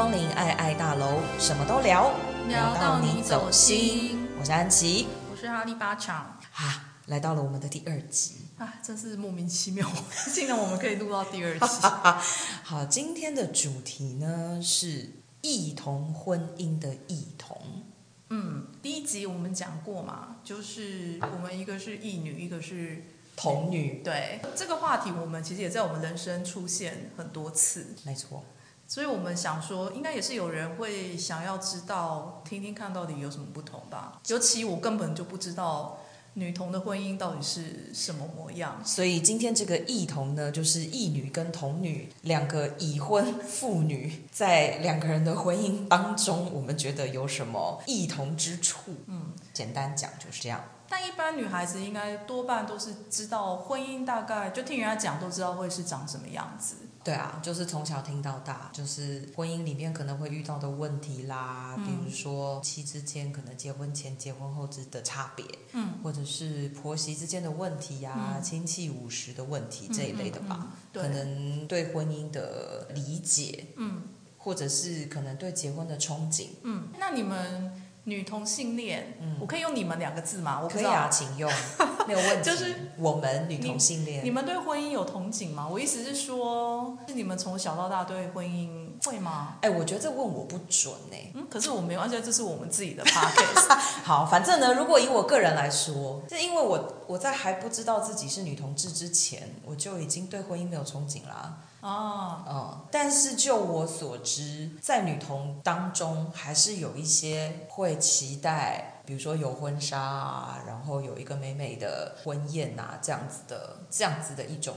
光臨愛愛大樓，什麼都聊，聊到你走心。我是安琪，我是哈利巴強，啊，來到了我們的第二集啊，真是莫名其妙，竟然 我們可以錄到第二集。 好，今天的主題呢是異同婚姻的異同。嗯，第一集我們講過嘛，就是我們一個是異女，一個是同女。同對這個話題，我們其實也在我們人生出現很多次。沒錯。所以我們想說，應該也是有人會想要知道，聽聽看到底有什麼不同吧。尤其我根本就不知道女同的婚姻到底是什麼模樣。所以今天這個異同呢，就是異女跟同女兩個已婚婦女在兩個人的婚姻當中，我們覺得有什麼異同之處？嗯，簡單講就是這樣。但一般女孩子應該多半都是知道婚姻大概，就聽人家講都知道會是長什麼樣子。對啊，就是從小聽到大，就是婚姻裡面可能會遇到的問題啦，嗯、比如說夫妻之間可能結婚前、結婚後之的差別，嗯、或者是婆媳之間的問題呀、啊，嗯、親戚五十的問題這一類的吧，嗯嗯嗯，可能對婚姻的理解，嗯、或者是可能對結婚的憧憬，嗯，那你們。女同性戀，嗯、我可以用你們兩個字嗎？我可以啊，請用，沒有問題。就是我們女同性戀，你們對婚姻有憧憬嗎？我意思是說，是你們從小到大對婚姻會嗎？哎、欸，我覺得這問我不準哎、欸。嗯，可是我沒有，全，在這是我們自己的 podcast 好，反正呢，如果以我個人來說，是因為我我在還不知道自己是女同志之前，我就已經對婚姻沒有憧憬啦。哦，oh, 嗯，但是就我所知，在女同當中，還是有一些會期待，比如說有婚紗啊，然後有一個美美的婚宴吶、啊，這樣子的，這樣子的一種。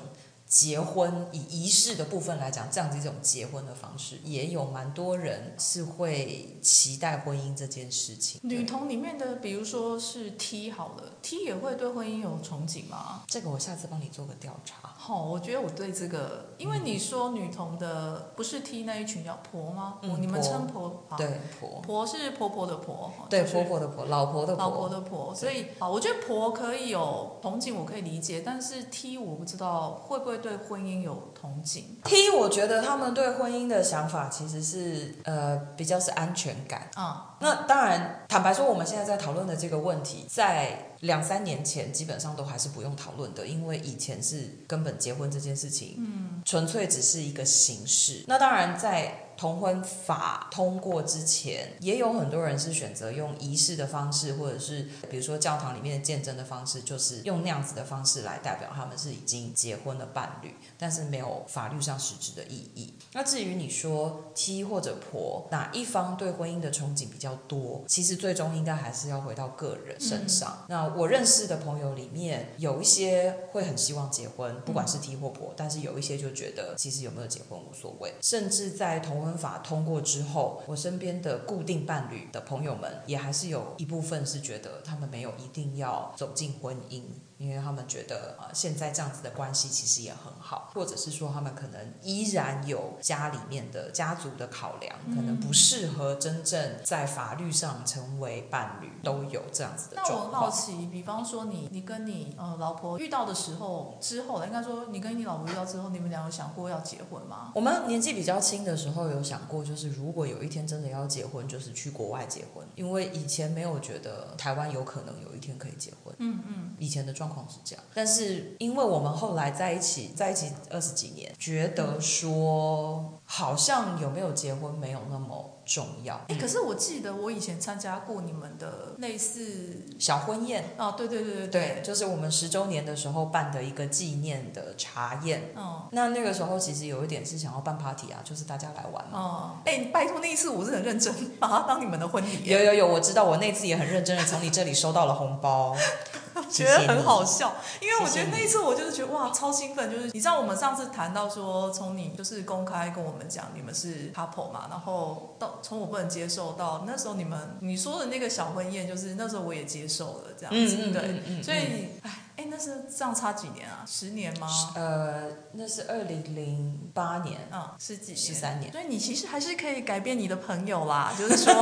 結婚以儀式的部分來講，這樣子一種結婚的方式，也有蠻多人是會期待婚姻這件事情。女同裡面的，比如說是 T 好了，T 也會對婚姻有憧憬嗎？這個我下次幫你做個調查。好，我覺得我對這個，因為你說女同的不是 T 那一群叫婆嗎？嗯、婆你們稱婆，對，婆婆是婆婆的婆。就是、老婆的婆，對，婆婆的婆，老婆的老婆的婆。對所以啊，我覺得婆可以有憧憬，我可以理解。但是 T 我不知道會不會。對婚姻有同情，T，我覺得他們對婚姻的想法其實是呃比較是安全感啊。嗯、那當然，坦白說，我們現在在討論的這個問題，在兩三年前基本上都還是不用討論的，因為以前是根本結婚這件事情，嗯，純粹只是一個形式。那當然在。同婚法通過之前，也有很多人是選擇用儀式的方式，或者是比如說教堂裡面的見證的方式，就是用那樣子的方式來代表他們是已經結婚的伴侶，但是沒有法律上實質的意義。那至於你說 T 或者婆哪一方對婚姻的憧憬比較多，其實最終應該還是要回到個人身上。嗯、那我認識的朋友裡面有一些會很希望結婚，不管是 T 或婆，但是有一些就覺得其實有沒有結婚無所謂，甚至在同婚。法通過之後，我身邊的固定伴侶的朋友們，也還是有一部分是覺得他們沒有一定要走進婚姻。因為他們覺得，呃，現在這樣子的關係其實也很好，或者是說他們可能依然有家裡面的家族的考量，可能不適合真正在法律上成為伴侶，都有這樣子的狀況，嗯。那我很好奇，比方說你你跟你呃老婆遇到的時候之後，應該說你跟你老婆遇到之後，你們倆有想過要結婚嗎？我們年紀比較輕的時候有想過，就是如果有一天真的要結婚，就是去國外結婚，因為以前沒有覺得台灣有可能有一天可以結婚。嗯嗯，嗯以前的狀。是這樣，但是因為我們後來在一起，在一起二十幾年，覺得說好像有沒有結婚沒有那麼重要。哎、欸，可是我記得我以前參加過你們的類似小婚宴啊、哦，對對對對對，對就是我們十週年的時候辦的一個紀念的茶宴。哦，那那個時候其實有一點是想要辦 party 啊，就是大家來玩，啊。哦，哎、欸，拜託那一次我是很認真，把它當你們的婚宴。有有有，我知道，我那次也很認真的從你這裡收到了紅包。 覺得很好笑，因為我覺得那一次我就是覺得哇，超興奮，就是你知道我們上次談到說，從你就是公開跟我們講你們是 couple 嘛，然後到從我不能接受到那時候你們你說的那個小婚宴，就是那時候我也接受了這樣子，對，所以唉。欸、那是這樣差幾年啊？十年嗎？呃，那是二零零八年，啊、嗯，十幾年，十三年。所以你其實還是可以改變你的朋友啦， 就是說，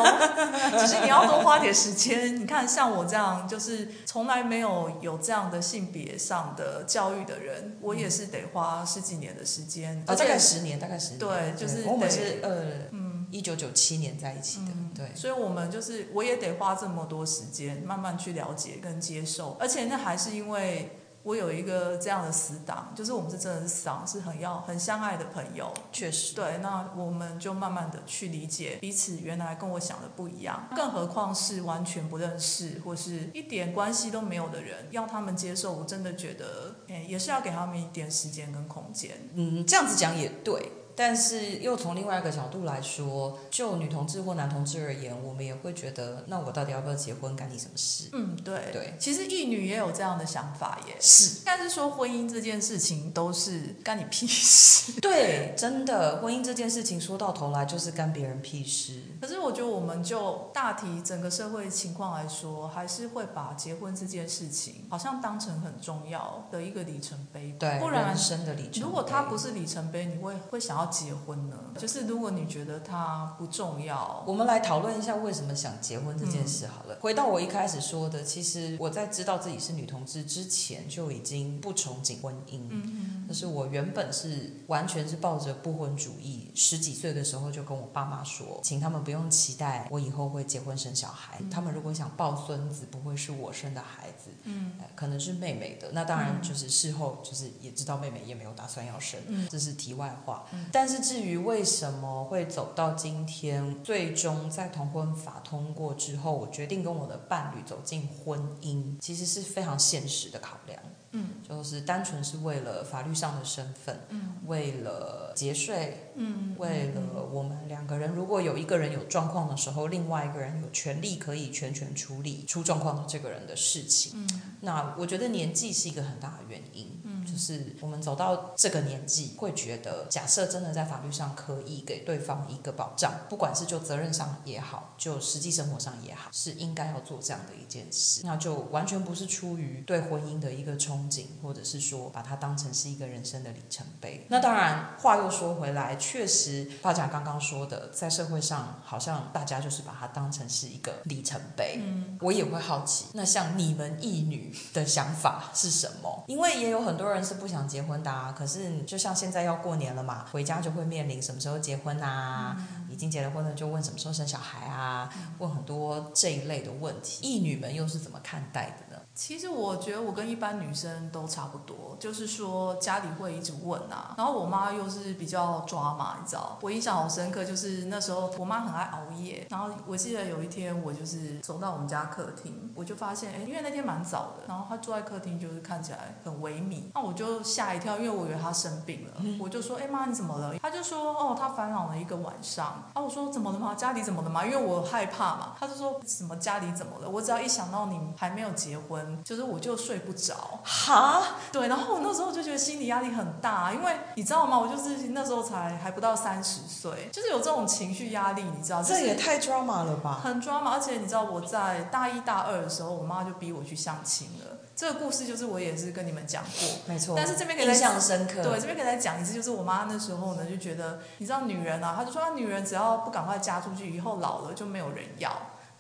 其實你要多花點時間。 你看，像我這樣，就是從來沒有有這樣的性別上的教育的人，嗯、我也是得花十幾年的時間，啊且，大概十年，大概十年，對，就是得、哦、我每是呃，嗯。一九九七年在一起的，嗯、對，所以我們就是我也得花這麼多時間慢慢去了解跟接受，而且那還是因為我有一個這樣的死黨，就是我們是真的是是很要很相愛的朋友，確實，對，那我們就慢慢的去理解彼此，原來跟我想的不一樣，更何況是完全不認識或是一點關係都沒有的人，要他們接受，我真的覺得，哎、欸，也是要給他們一點時間跟空間，嗯，這樣子講也對。但是又從另外一個角度來說，就女同志或男同志而言，我們也會覺得，那我到底要不要結婚，干你什麼事？嗯，對對。其實異女也有這樣的想法耶。是，但是說婚姻這件事情，都是干你屁事。對， 真的，婚姻這件事情說到頭來就是干別人屁事。可是我覺得，我們就大體整個社會情況來說，還是會把結婚這件事情，好像當成很重要的一個里程碑。對，不然，人生的里程碑。如果它不是里程碑，你會會想要？結婚呢，就是如果你覺得它不重要，我們來討論一下為什麼想結婚這件事好了。嗯、回到我一開始說的，其實我在知道自己是女同志之前，就已經不憧憬婚姻。嗯嗯，但是我原本是完全是抱着不婚主義，十幾歲的時候就跟我爸媽說，請他們不用期待我以後會結婚生小孩。嗯嗯，他們如果想抱孫子，不會是我生的孩子，嗯，可能是妹妹的。那當然就是事後就是也知道妹妹也沒有打算要生，嗯、這是題外話。但、嗯但是，至於為什麼會走到今天，最終在同婚法通過之後，我決定跟我的伴侶走進婚姻，其實是非常現實的考量。嗯，就是單純是為了法律上的身份，嗯，為了節稅，嗯，為了我們兩個人如果有一個人有狀況的時候，另外一個人有權利可以全權處理出狀況的這個人的事情。嗯，那我覺得年紀是一個很大的原因。嗯，就是我們走到這個年紀，會覺得，假設真的在法律上可以給對方一個保障，不管是就責任上也好，就實際生活上也好，是應該要做這樣的一件事。那就完全不是出於對婚姻的一個衝。風景，或者是說把它當成是一個人生的里程碑。那當然，話又說回來，確實，爸爸剛剛說的，在社會上好像大家就是把它當成是一個里程碑。嗯，我也會好奇，那像你們異女的想法是什麼？因為也有很多人是不想結婚的啊。可是，就像現在要過年了嘛，回家就會面臨什麼時候結婚啊？嗯、已經結了婚了，就問什麼時候生小孩啊？問很多這一類的問題，異女們又是怎麼看待的？其實我覺得我跟一般女生都差不多，就是說家裡會一直問啊，然後我媽又是比較抓嘛，你知道。我印象好深刻，就是那時候我媽很愛熬夜，然後我記得有一天我就是走到我們家客廳，我就發現，哎，因為那天蠻早的，然後她坐在客廳就是看起來很萎靡，那我就嚇一跳，因為我以為她生病了，我就說，哎媽，你怎麼了？她就說，哦，她煩惱了一個晚上。啊，我說怎麼了嘛？家裡怎麼了嘛？因為我害怕嘛。她就說，什麼家裡怎麼了？我只要一想到你還沒有結婚，就是我就睡不着哈，對，然後我那時候就覺得心理壓力很大，因為你知道嗎？我就是那時候才還不到三十歲，就是有這種情緒壓力，你知道？這也太 drama 了吧？很 drama，而且你知道我在大一大二的時候，我媽就逼我去相親了。這個故事就是我也是跟你們講過，沒錯。但是這邊印象深刻，對，這邊可以再講一次。就是我媽那時候呢，就覺得你知道女人啊，她就說她女人只要不趕快嫁出去，以後老了就沒有人要。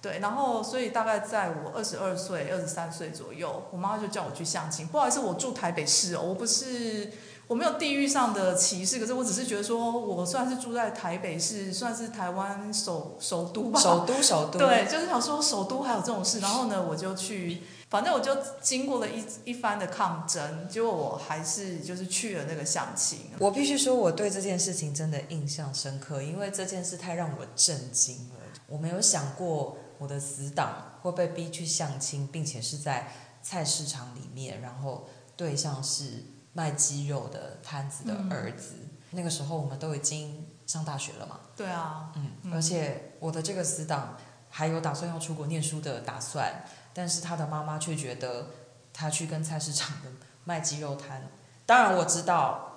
對，然後所以大概在我二十二歲、二十三歲左右，我媽媽就叫我去相親。不好意思，我住台北市哦，我不是我沒有地域上的歧視，可是我只是覺得說，我算是住在台北市，算是台灣首首都吧。首都，首都。對，就是想說首都還有這種事。然後呢，我就去，反正我就經過了一一番的抗爭，結果我還是就是去了那個相親。我必須說，我對這件事情真的印象深刻，因為這件事太讓我震驚了。我沒有想過。我的死黨會被逼去相親，並且是在菜市場裡面，然後對象是賣雞肉的攤子的兒子。嗯。那個時候我們都已經上大學了嘛？對啊，嗯。嗯，而且我的這個死黨還有打算要出國念書的打算，但是他的媽媽卻覺得他去跟菜市場的賣雞肉攤……當然我知道。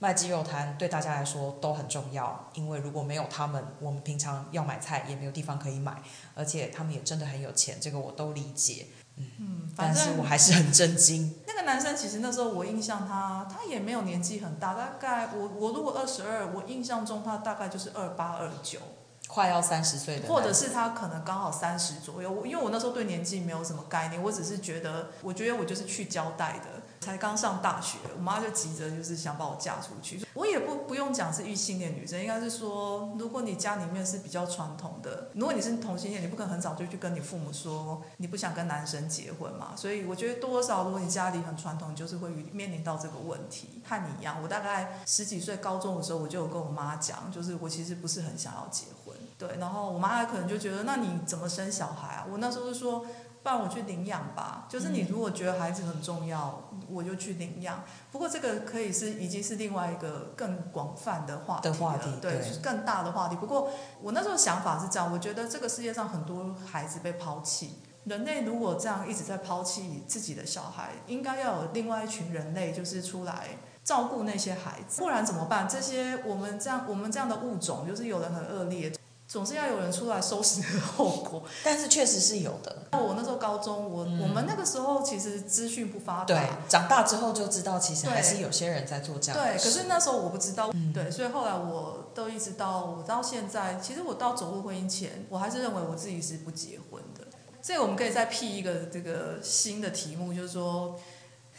賣雞肉攤對大家來說都很重要，因為如果沒有他們，我們平常要買菜也沒有地方可以買，而且他們也真的很有錢，這個我都理解。嗯，反正，但是我還是很震驚。那個男生其實那時候我印象他，他也沒有年紀很大，大概我我如果二十二，我印象中他大概就是二八二九，快要三十歲的，或者是他可能剛好三十左右。我因為我那時候對年紀沒有什麼概念，我只是覺得，我覺得我就是去交代的。才剛上大學，我媽就急着，就是想把我嫁出去。我也不不用講是異性戀女生，應該是說，如果你家裡面是比較傳統的，如果你是同性戀，你不可能很早就去跟你父母說你不想跟男生結婚嘛。所以我覺得多少，如果你家裡很傳統，就是會面臨到這個問題。和你一樣，我大概十幾歲高中的時候，我就有跟我媽講，就是我其實不是很想要結婚。對，然後我媽還可能就覺得，那你怎麼生小孩啊？我那時候就說。讓我去領養吧，就是你如果覺得孩子很重要，嗯、我就去領養。不過這個可以是已經是另外一個更廣泛的話題了，題。對，對就是更大的話題。不過我那時候想法是這樣，我覺得這個世界上很多孩子被拋棄，人類如果這樣一直在拋棄自己的小孩，應該要有另外一群人類就是出來照顧那些孩子，不然怎麼辦？這些我們這樣我們這樣的物種就是有的很惡劣。總是要有人出來收拾後果。 但是確實是有的、嗯。那我那時候高中，我、嗯、我們那個時候其實資訊不發達，對，長大之後就知道，其實還是有些人在做這樣。對，可是那時候我不知道，嗯、對，所以後來我都一直到我到現在，其實我到走入婚姻前，我還是認為我自己是不結婚的。所以我們可以再闢一個這個新的題目，就是說、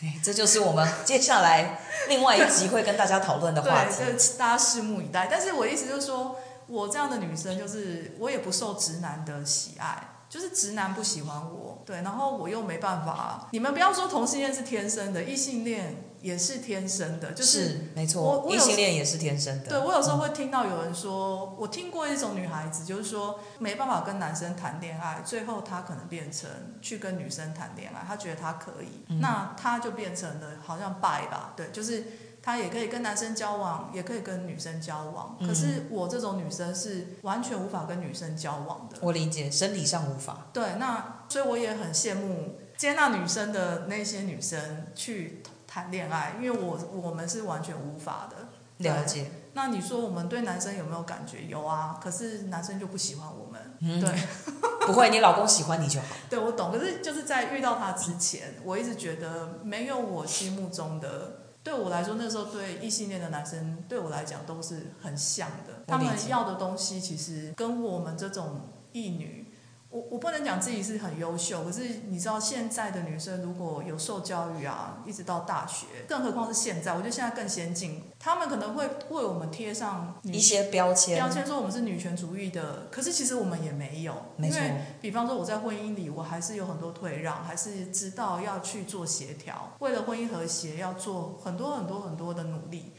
欸，這就是我們接下來另外一集會跟大家討論的話題。 對，就大家拭目以待。但是我意思就是說。我這樣的女生就是，我也不受直男的喜愛，就是直男不喜歡我，對，然後我又沒辦法。你們不要說同性戀是天生的，異性戀也是天生的，就是，是沒錯，異性戀也是天生的。對，我有時候會聽到有人說，嗯、我聽過一種女孩子，就是說沒辦法跟男生談戀愛，最後她可能變成去跟女生談戀愛，她覺得她可以，嗯、那她就變成了好像 bi 吧，對，就是。他也可以跟男生交往，也可以跟女生交往。可是我這種女生是完全無法跟女生交往的。我理解，身體上無法。對，那所以我也很羨慕接納女生的那些女生去談戀愛，因為我我們是完全無法的。了解。那你說我們對男生有沒有感覺？有啊，可是男生就不喜歡我們。嗯，對，不會，你老公喜歡你就好。 對，我懂。可是就是在遇到他之前，我一直覺得沒有我心目中的。對我來說，那時候對異性戀的男生，對我來講都是很像的。他們要的東西，其實跟我們這種異女。我我不能講自己是很優秀，可是你知道現在的女生如果有受教育啊，一直到大學，更何況是現在，我覺得現在更先進，他們可能會為我們貼上一些標籤，標籤說我們是女權主義的，可是其實我們也沒有，沒錯。因為比方說我在婚姻裡，我還是有很多退讓，還是知道要去做協調，為了婚姻和諧要做很多很多很多的努力。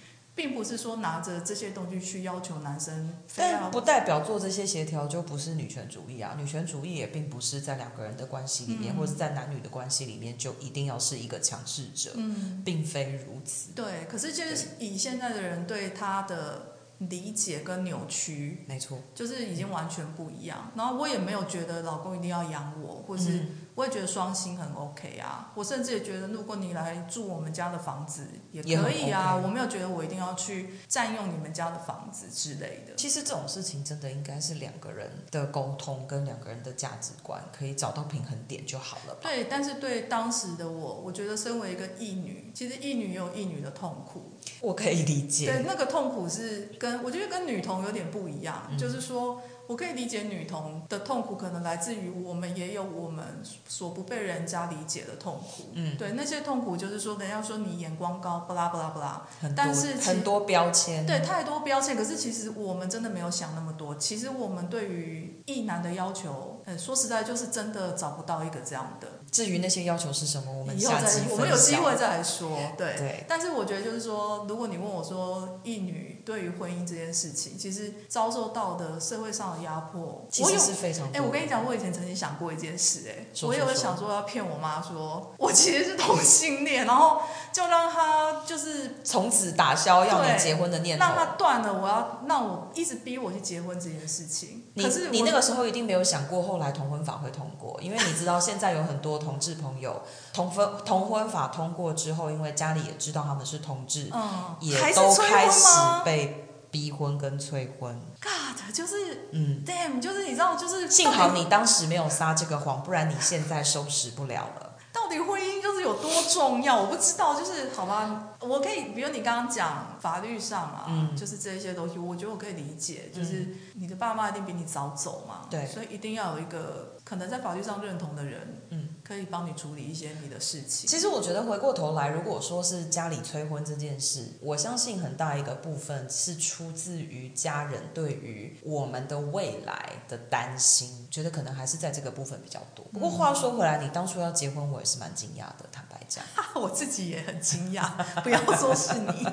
並不是說拿着這些東西去要求男生，但不代表做這些協調就不是女權主義啊。女權主義也並不是在兩個人的關係裡面，嗯、或者在男女的關係裡面就一定要是一個強勢者，嗯、並非如此。對，可是就是以現在的人對他的理解跟扭曲，沒錯對，就是已經完全不一樣。嗯、然後我也沒有覺得老公一定要養我，或是、嗯。我會覺得雙薪很 OK 啊，我甚至也覺得，如果你來住我們家的房子也可以啊。OK、我沒有覺得我一定要去占用你們家的房子之類的。其實這種事情真的應該是兩個人的溝通跟兩個人的價值觀可以找到平衡點就好了。對，但是對當時的我，我覺得身為一個異女，其實異女也有異女的痛苦，我可以理解。對，那個痛苦是跟我覺得跟女同有點不一樣，嗯、就是說。我可以理解女同的痛苦，可能來自於我們也有我們所不被人家理解的痛苦。嗯，對，那些痛苦就是說，人家說你眼光高，巴拉巴拉巴拉，但是很多標籤，對，太多標籤。可是其實我們真的沒有想那麼多。其實我們對於異男的要求，呃、嗯，說實在就是真的找不到一個這樣的。至於那些要求是什麼，我們以後再，我們有機會再來說。對，對但是我覺得就是說，如果你問我說異女。對於婚姻這件事情，其實遭受到的社會上的壓迫，其實是非常。哎、欸，我跟你講，我以前曾經想過一件事，欸，哎，我有想說要騙我媽說，說我其實是同性戀， 然後就讓他就是從此打消要你結婚的念頭，讓他斷了我要，那我一直逼我去結婚這件事情。你可是你那個時候一定沒有想過，後來同婚法會通過，因為你知道現在有很多同志朋友。 同婚同婚法通過之後，因為家裡也知道他們是同志，嗯，還是也都開始被逼婚跟催婚。God，就是，嗯，Damn，就是你知道，就是幸好你當時沒有撒這個謊，不然你現在收拾不了了。 到底婚姻就是有多重要？我不知道，就是好吧，我可以，比如你剛剛講法律上嘛，啊，嗯，就是這些東西，我覺得我可以理解，嗯，就是你的爸媽一定比你早走嘛，對，所以一定要有一個可能在法律上認同的人，嗯。可以幫你處理一些你的事情。其實我覺得回過頭來，如果說是家裡催婚這件事，我相信很大一個部分是出自於家人對於我們的未來的擔心，覺得可能還是在這個部分比較多。不過話說回來，你當初要結婚，我也是蠻驚訝的。坦白講， 我自己也很驚訝，不要說是你。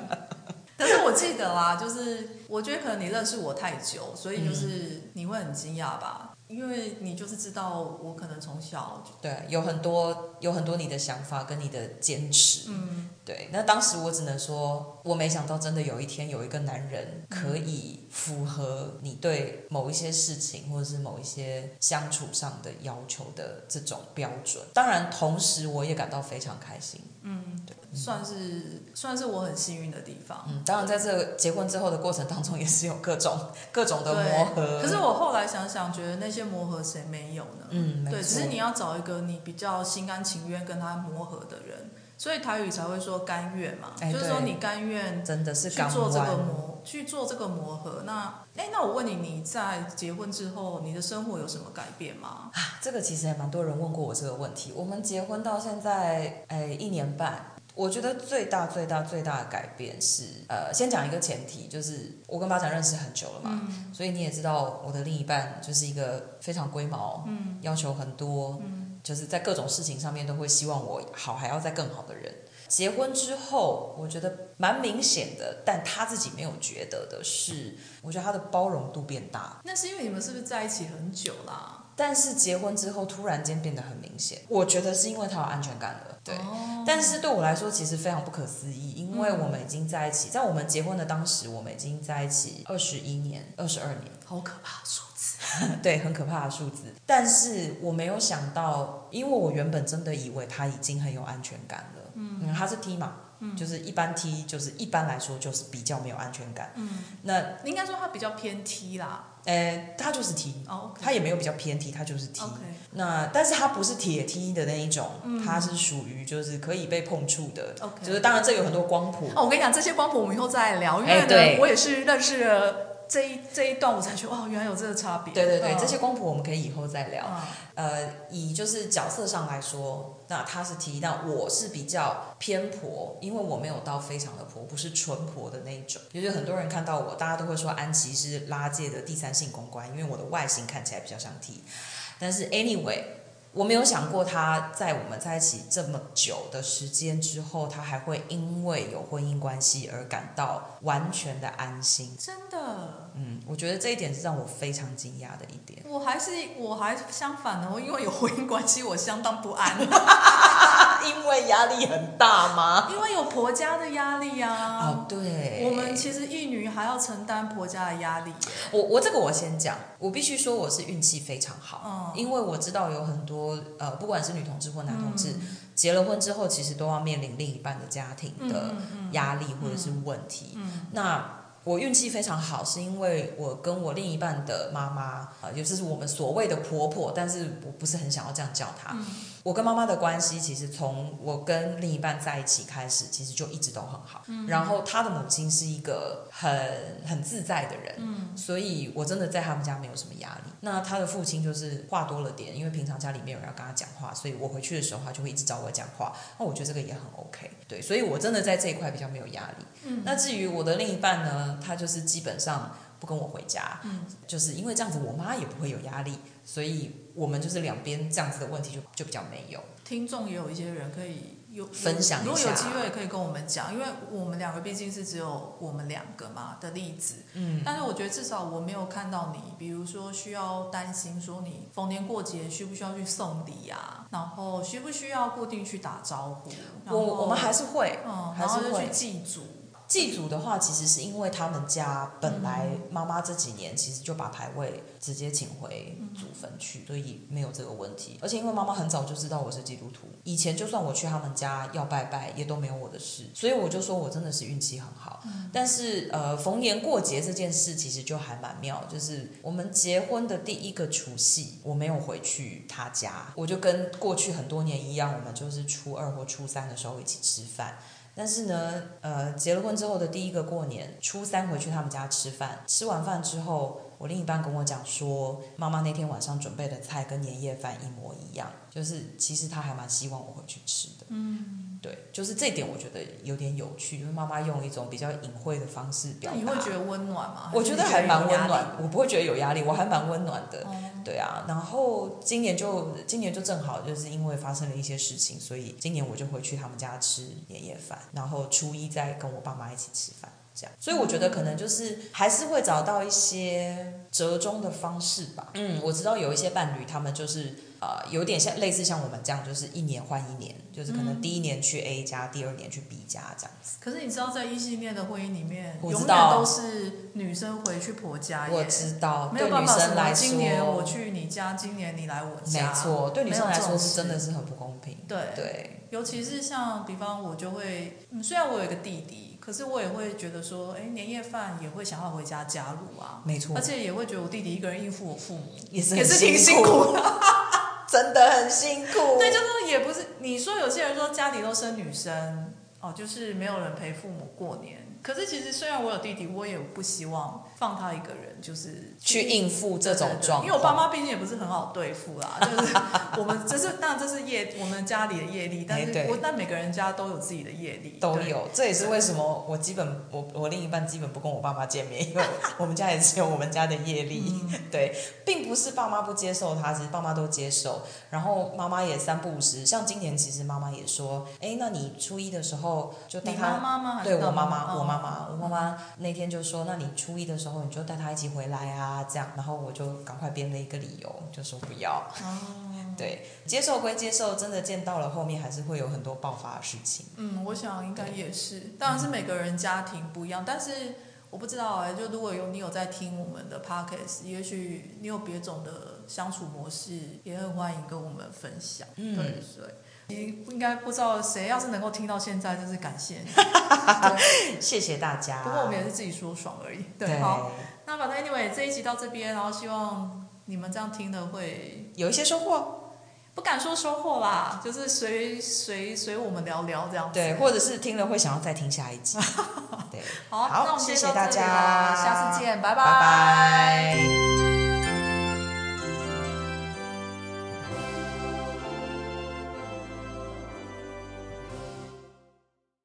但是我記得啦，就是我覺得可能你認識我太久，所以就是你會很驚訝吧。因為你就是知道，我可能從小就有很多，有很多你的想法跟你的堅持。嗯。對，那當時我只能說，我沒想到真的有一天有一個男人可以符合你對某一些事情或者是某一些相處上的要求的這種標準。當然，同時我也感到非常開心。嗯，對，算是、嗯、算是我很幸運的地方。嗯，對當然，在這個結婚之後的過程當中，也是有各種各種的磨合。對對可是我後來想想，覺得那些磨合誰沒有呢？嗯，對，錯只是你要找一個你比較心甘情願跟他磨合的人。所以台語才會說甘願嘛，欸、對就是說你甘願，真的是去做這個磨，哦、去做這個磨合。那，哎、欸，那我問你，你在結婚之後，你的生活有什麼改變嗎？啊、這個其實還蠻多人問過我這個問題。我們結婚到現在，哎、欸，一年半，我覺得最大、最大、最大的改變是，呃，先講一個前提，就是我跟巴掌認識很久了嘛，嗯、所以你也知道，我的另一半就是一個非常龜毛，嗯，要求很多，嗯。就是在各種事情上面都會希望我好，還要再更好的人。結婚之後，我覺得蠻明顯的，但他自己沒有覺得的是，我覺得他的包容度變大。那是因為你們是不是在一起很久啦？但是結婚之後突然間變得很明顯，我覺得是因為他有安全感了。對，oh. 但是對我來說其實非常不可思議，因為我們已經在一起，在我們結婚的當時，嗯、我們已經在一起二十一年、二十二年，好可怕。 對，很可怕的數字。但是我沒有想到，因為我原本真的以為他已經很有安全感了。嗯，他是 T 嘛？嗯、就是一般 T，就是一般來說就是比較沒有安全感。嗯，那你應該說他比較偏 T 啦。呃、欸，他就是 T，他、oh, okay. 也沒有比較偏 T，他就是 T Okay. 那。那但是它不是鐵 T 的那一種，它是屬於就是可以被碰觸的。Okay. 就是當然這有很多光譜。Okay. 哦，我跟你講，這些光譜我們以後再聊，因為呢，欸、我也是認識了。這一這一段我才覺得，哇，原來有這個差別。對對對，啊、這些公婆我們可以以後再聊。啊、呃，以就是角色上來說，那他是 T，但我是比較偏婆，因為我沒有到非常的婆，不是純婆的那種。也就是很多人看到我，大家都會說安琪是拉界的第三性公關，因為我的外形看起來比較像 T。但是 anyway。我沒有想過他在我們在一起這麼久的時間之後，他還會因為有婚姻關係而感到完全的安心。真的，嗯，我覺得這一點是讓我非常驚訝的一點。我還是我還相反的，我因為有婚姻關係，我相當不安。 因為壓力很大嗎？因為有婆家的壓力啊！哦，對，我們其實異女還要承擔婆家的壓力。我我這個我先講，我必須說我是運氣非常好，嗯、因為我知道有很多、呃、不管是女同志或男同志，嗯、結了婚之後，其實都要面臨另一半的家庭的壓力或者是問題。嗯嗯、那我運氣非常好，是因為我跟我另一半的媽媽啊，也、呃、就是我們所謂的婆婆，但是我不是很想要這樣叫她。嗯、我跟媽媽的關係，其實從我跟另一半在一起開始，其實就一直都很好。嗯、然後她的母親是一個很很自在的人，嗯、所以我真的在他們家沒有什麼壓力。那他的父親就是話多了點，因為平常家裡沒有人要跟他講話，所以我回去的時候他就會一直找我講話。那我覺得這個也很 OK。對，所以我真的在這一塊比較沒有壓力。嗯、那至於我的另一半呢？他就是基本上不跟我回家，嗯，就是因為這樣子，我媽也不會有壓力，所以我們就是兩邊這樣子的問題就就比較沒有。聽眾也有一些人可以有分享一下，如果有機會可以跟我們講，因為我們兩個畢竟是只有我們兩個嘛的例子，嗯，但是我覺得至少我沒有看到你，比如說需要擔心說你逢年過節需不需要去送禮呀、啊，然後需不需要固定去打招呼，我我們還是會，嗯，還是會去祭祖。祭祖的話，其實是因為他們家本來媽媽這幾年其實就把牌位直接請回祖墳去，所以沒有這個問題。而且因為媽媽很早就知道我是基督徒，以前就算我去他們家要拜拜也都沒有我的事，所以我就說，我真的是運氣很好。嗯。但是呃，逢年過節這件事其實就還蠻妙，就是我們結婚的第一個除夕，我沒有回去他家，我就跟過去很多年一樣，我們就是初二或初三的時候一起吃飯。但是呢，呃，結了婚之後的第一個過年，初三回去他們家吃飯，吃完飯之後，我另一半跟我講說，媽媽那天晚上準備的菜跟年夜飯一模一樣，就是其實他還蠻希望我回去吃的。嗯。對，就是這點我覺得有點有趣，因為媽媽用一種比較隱晦的方式表達。你會覺得溫暖嗎？覺我覺得還蠻溫暖，我不會覺得有壓力，我還蠻溫暖的。嗯、對啊，然後今年就今年就正好就是因為發生了一些事情，所以今年我就回去他們家吃年夜飯，然後初一再跟我爸媽一起吃飯。這樣所以我覺得可能就是還是會找到一些折中的方式吧。嗯，我知道有一些伴侶他們就是呃有點像類似像我們這樣，就是一年換一年，就是可能第一年去 A 家，嗯、第二年去 B 家這樣子。可是你知道，在異性戀的婚姻裡面，我知道永遠都是女生回去婆家。我知道，對女生來說，來說今年我去你家，今年你來我家，沒錯，對女生來說是真的是很不公平。對對，對尤其是像比方我就會，嗯、雖然我有一個弟弟。可是我也會覺得說，哎、欸，年夜飯也會想要回家加入啊，沒錯，而且也會覺得我弟弟一個人應付我父母也是也是挺辛苦的， 真的很辛苦。對，就是說也不是你說有些人說家裡都生女生哦，就是沒有人陪父母過年。可是其實雖然我有弟弟，我也不希望放他一個人。就是去應付這種狀況，因為我爸媽畢竟也不是很好對付啦、啊。 就是我們這是當然這是業，我們家裡的業力，但是不，但每個人家都有自己的業力，都有。對對這也是為什麼我基本我我另一半基本不跟我爸媽見面，因為我們家也只有我們家的業力。 對，並不是爸媽不接受他，只是爸媽都接受。然後媽媽也三不五時，像今年其實媽媽也說，哎、欸，那你初一的時候就帶他，你他媽媽對我媽媽，我媽媽，我媽媽那天就說，那你初一的時候你就帶他一起。回來啊，這樣，然後我就趕快編了一個理由，就說不要。哦、嗯，對，接受歸接受，真的見到了後面還是會有很多爆發的事情。嗯，我想應該也是，對當然是每個人家庭不一樣，嗯、但是我不知道哎、欸，就如果你有你有在聽我們的 podcast，也許你有別種的相處模式，也很歡迎跟我們分享。嗯，對所以，應該不知道誰，要是能夠聽到現在，就是感謝你， 以謝謝大家。不過我們也是自己說爽而已，對。對。好那反正 anyway 這一集到這邊，然後希望你們這樣聽的會有一些收穫，不敢說收穫啦，就是隨隨隨我們聊聊這樣。對，或者是聽了會想要再聽下一集。 對好，好那我們謝謝大家，下次見，拜拜。拜拜